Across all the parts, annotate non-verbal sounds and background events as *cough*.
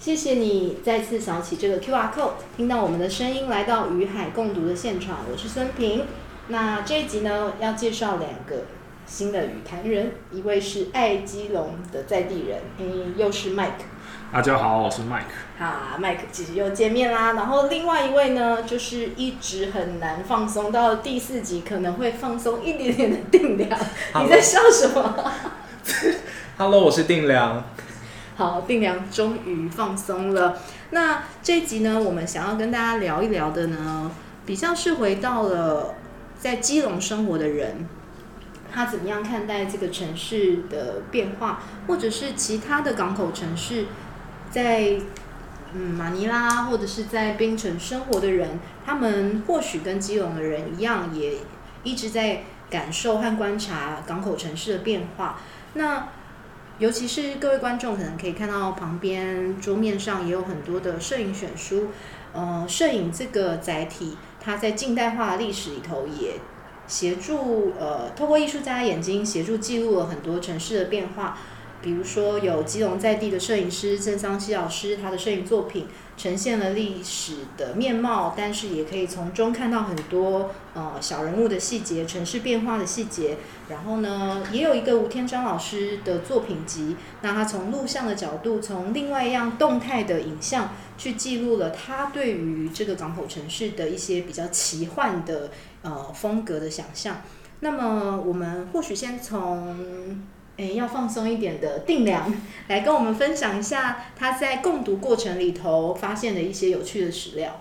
謝謝你再次掃起這個 QR code，聽到我們的聲音來到與海共讀的現場，我是孫平。那這一集呢，要介紹兩個新的與談人，一位是愛基隆的在地人，又是 Mike。大家、啊、好，我是 Mike。好、啊、，Mike，其實又見面啦。然後另外一位呢，就是一直很難放鬆，到第四集可能會放鬆一點點的定量。Hello. 你在笑什麼 *laughs* ？Hello，我是定量。好，冰涼終於放鬆了。那這一集呢，我們想要跟大家聊一聊的呢，比較是回到了在基隆生活的人，他怎麼樣看待這個城市的變化，或者是其他的港口城市在，在嗯，馬尼拉或者是在檳城生活的人，他們或許跟基隆的人一樣，也一直在感受和觀察港口城市的變化。那尤其是各位觀眾可能可以看到，旁邊桌面上也有很多的攝影選書。呃，攝影這個載體，它在近代化的歷史裡頭也協助呃，透過藝術家的眼睛協助記錄了很多城市的變化。比如說有基隆在地的攝影師鄭桑溪老師，他的攝影作品呈現了歷史的面貌，但是也可以從中看到很多呃小人物的細節、城市變化的細節。然後呢，也有一個吳天章老師的作品集，那他從錄像的角度，從另外一樣動態的影像去記錄了他對於這個港口城市的一些比較奇幻的呃風格的想象。那麼我們或許先從。誒，要放鬆一點的定量來跟我們分享一下他在共讀過程裡頭發現的一些有趣的史料。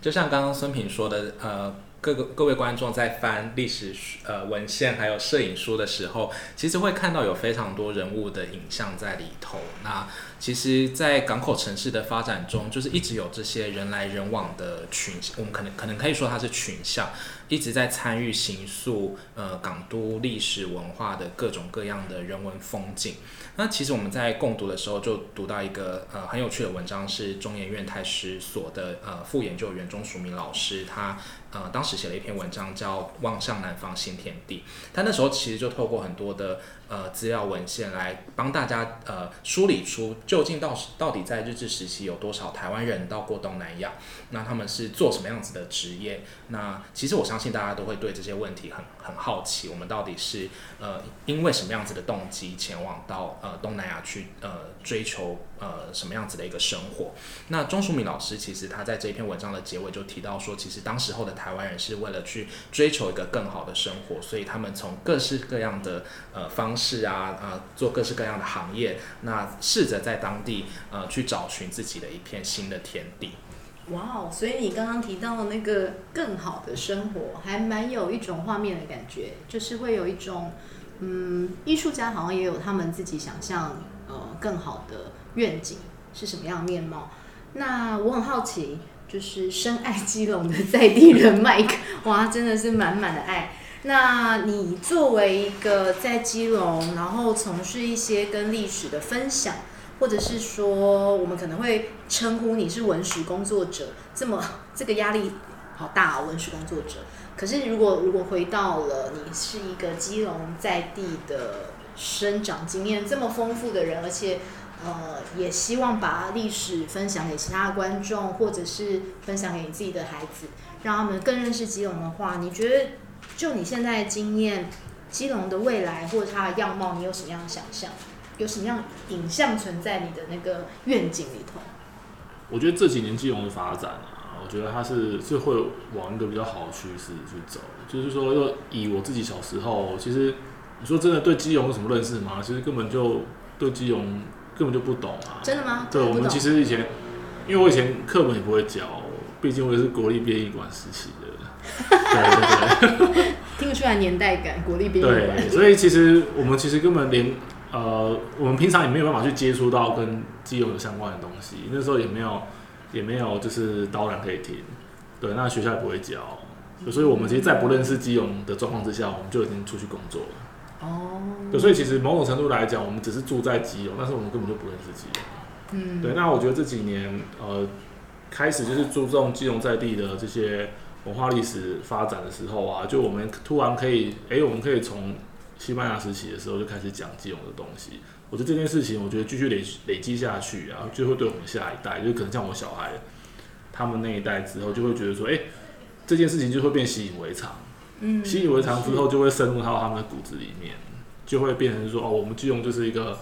就像剛剛孫平說的，呃，各個各位觀眾在翻歷史，呃，文獻還有攝影書的時候，其實會看到有非常多人物的影像在裡頭。那其實，在港口城市的發展中，就是一直有這些人來人往的群，我們可能可能可以說它是群像，一直在參與形塑呃港都歷史文化的各種各樣的人文風景。那其實我們在共讀的時候就讀到一個呃很有趣的文章，是中研院臺史所的呃副研究員鍾淑敏老師，他呃當時寫了一篇文章叫《望向南方新天地》，他那時候其實就透過很多的。呃，資料文獻來幫大家呃梳理出究竟到到底在日治時期有多少台灣人到過東南亞，那他們是做什麼樣子的職業？那其實我相信大家都會對這些問題很很好奇，我們到底是呃因為什麼樣子的動機前往到呃東南亞去呃追求呃，什麼樣子的一個生活？那鍾淑敏老師其實他在這篇文章的結尾就提到說，其實當時候的台灣人是為了去追求一個更好的生活，所以他們從各式各樣的呃方式啊啊、呃，做各式各樣的行業，那試着在當地呃去找尋自己的一片新的天地。哇哦！所以你剛剛提到的那個更好的生活，還蠻有一種畫面的感覺，就是會有一種嗯，藝術家好像也有他們自己想象呃更好的。願景是什麼樣面貌？那我很好奇，就是深愛基隆的在地人 Mike，哇，真的是滿滿的愛。那你作為一個在基隆，然後從事一些跟歷史的分享，或者是說，我們可能會稱呼你是文史工作者，這麼這個壓力好大啊、哦，文史工作者。可是如果如果回到了，你是一個基隆在地的。生長經驗這麼豐富的人，而且，呃，也希望把歷史分享給其他的觀眾，或者是分享給你自己的孩子，讓他們更認識基隆的話，你覺得就你現在的經驗，基隆的未來或者它的樣貌，你有什麼樣的想象有什麼樣影像存在你的那個願景裡頭？我覺得這幾年基隆的發展，啊，我覺得它是是會往一個比較好的趨勢去走，就是說，要以我自己小時候其實。你說真的對基隆有什麼認識嗎？其實根本就對基隆根本就不懂啊！真的嗎？對，我們其實以前，因為我以前課本也不會教，畢竟我也是國立編譯館時期的， *laughs* 對對對，聽不出來年代感，國立編譯館。對，所以其實我們其實根本連呃，我們平常也沒有辦法去接觸到跟基隆有相關的東西，那時候也沒有也沒有就是導覽可以聽，對，那學校也不會教，嗯。所以我們其實，在不認識基隆的狀況之下，我們就已經出去工作了。所以其實某種程度來講，我們只是住在基隆，但是我們根本就不認識基隆。嗯，對。那我覺得這幾年呃，開始就是注重基隆在地的這些文化歷史發展的時候啊，就我們突然可以，誒，我們可以從西班牙時期的時候就開始講基隆的東西。我覺得這件事情，我覺得繼續累累積下去啊，就會對我們下一代，就可能像我小孩他們那一代之後，就會覺得說，誒，這件事情就會變習以為常。嗯，習以為常之後，就會深入到他們的骨子裡面。就會變成說哦，我們基隆就是一個，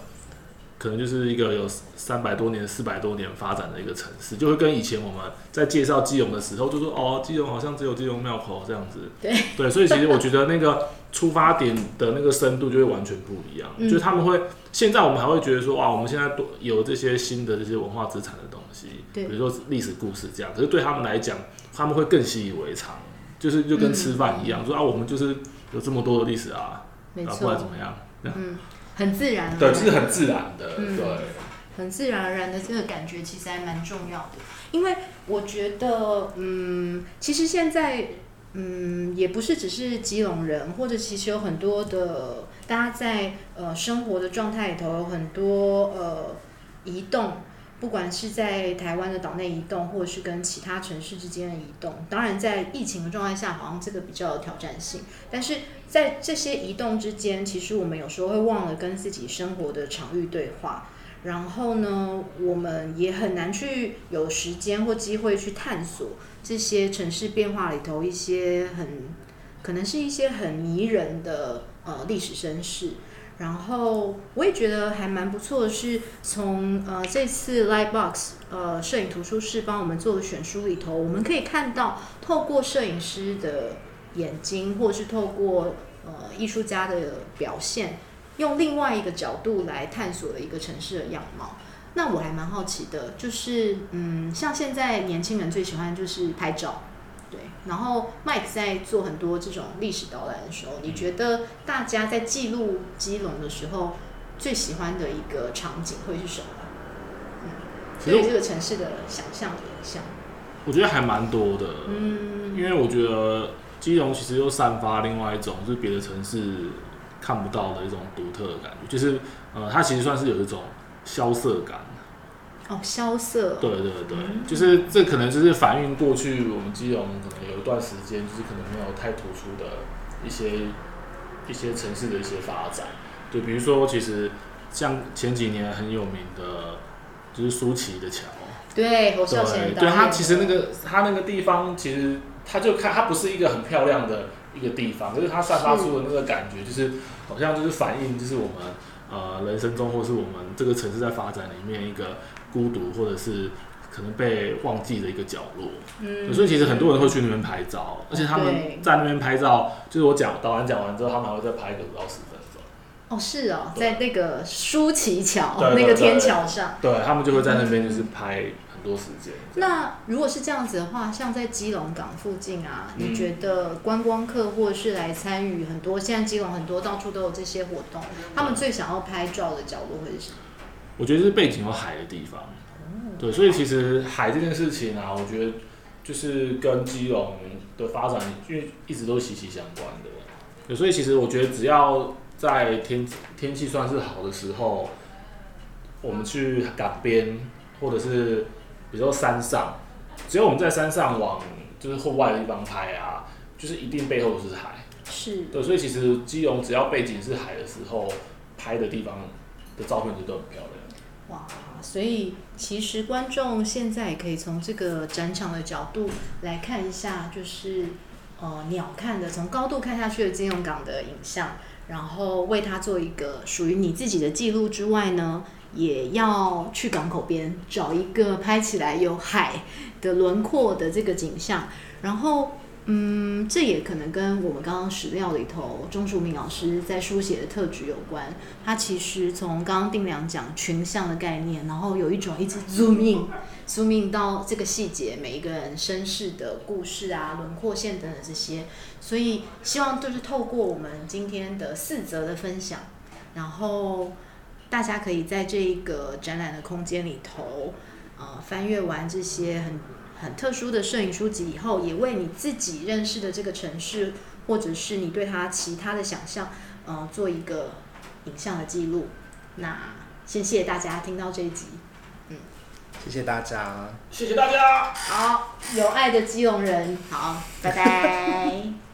可能就是一個有三百多年、四百多年發展的一個城市，就會跟以前我們在介紹基隆的時候就說哦，基隆好像只有基隆廟口這樣子。對，對，所以其實我覺得那個出發點的那個深度就會完全不一樣，嗯、就他們會現在我們還會覺得說哇，我們現在有這些新的這些文化資產的東西，對比如說歷史故事這樣，可是對他們來講，他們會更習以為常，就是就跟吃飯一樣，嗯、說啊，我們就是有這麼多的歷史啊。沒錯，怎麼樣？嗯，很自然，對，是很自然的，對，嗯，很自然而然的這個感覺其實還蠻重要的，因為我覺得，嗯，其實現在，嗯，也不是只是基隆人，或者其實有很多的，大家在呃生活的狀態裡頭有很多呃移動。不管是在台灣的島內移動，或者是跟其他城市之間的移動，當然在疫情的狀態下，好像這個比較有挑戰性。但是在這些移動之間，其實我們有時候會忘了跟自己生活的場域對話，然後呢，我們也很難去有時間或機會去探索這些城市變化裡頭一些很可能是一些很迷人的，呃，歷史身世。然後我也覺得還蠻不錯的是從呃，這次 Lightbox 呃，攝影圖書室幫我們做的選書裡頭，我們可以看到透過攝影師的眼睛，或者是透過呃藝術家的表現，用另外一個角度來探索的一個城市的樣貌。那我還蠻好奇的，就是嗯，像現在年輕人最喜歡就是拍照。對，然後 Mike 在做很多這種歷史導覽的時候，你覺得大家在記錄基隆的時候，最喜歡的一個場景會是什麼？嗯，所以這個城市的想象影像，我覺得還蠻多的，嗯，因為我覺得基隆其實又散發另外一種，就是別的城市看不到的一種獨特的感覺，就是呃，它其實算是有一種蕭瑟感。哦，蕭瑟。對對對，嗯、就是這可能就是反映過去我們基隆可能有一段時間就是可能沒有太突出的一些一些城市的一些發展。對，比如說其實像前幾年很有名的就是舒淇的橋。對，侯孝賢導演對，他、嗯、其實那個他那個地方其實他就看他不是一個很漂亮的一個地方，就是它散發出的那個感覺，就是，是的好像就是反映就是我們。呃，人生中或是我們這個城市在發展裡面一個孤獨或者是可能被忘記的一個角落，嗯，所以其實很多人會去那邊拍照，嗯、而且他們在那邊拍照，對就是我講導演講完之後，他們還會再拍個五到十分鐘。哦，是哦，對在那個舒淇橋，對對對，那個天橋上，對他們就會在那邊就是拍，很多時間。那如果是這樣子的話，像在基隆港附近啊，你覺得觀光客或是來參與很多現在基隆很多到處都有這些活動，他們最想要拍照的角落會是什麼？我覺得是背景有海的地方。嗯、對，所以其實海這件事情啊，我覺得就是跟基隆的發展，因為一直都息息相關的。對，所以其實我覺得只要在天天氣算是好的時候，我們去港邊、嗯、或者是。比如說山上，只有我們在山上往就是戶外的地方拍啊，就是一定背後是海。是。對，所以其實基隆只要背景是海的時候，拍的地方的照片就都很漂亮。哇，所以其實觀眾現在也可以從這個展場的角度來看一下，就是呃鳥瞰的，從高度看下去的基隆港的影像，然後為它做一個屬於你自己的記錄之外呢，也要去港口邊找一個拍起來有海的輪廓的這個景象，然後，嗯，這也可能跟我們剛剛史料裡頭鍾書明老師在書寫的特質有關。他其實從剛剛定良講群像的概念，然後有一種一直 zoom in, zoom in 到這個細節，每一個人身世的故事啊、輪廓線等等這些。所以，希望就是透過我們今天的四則的分享，然後。大家可以在這一個展覽的空間裡頭，呃，翻閱完這些很很特殊的攝影書籍以後，也為你自己認識的這個城市，或者是你對它其他的想象，呃，做一個影像的記錄。那先謝謝大家聽到這一集，嗯，謝謝大家，謝謝大家，好，有愛的基隆人，好，拜拜。 *laughs*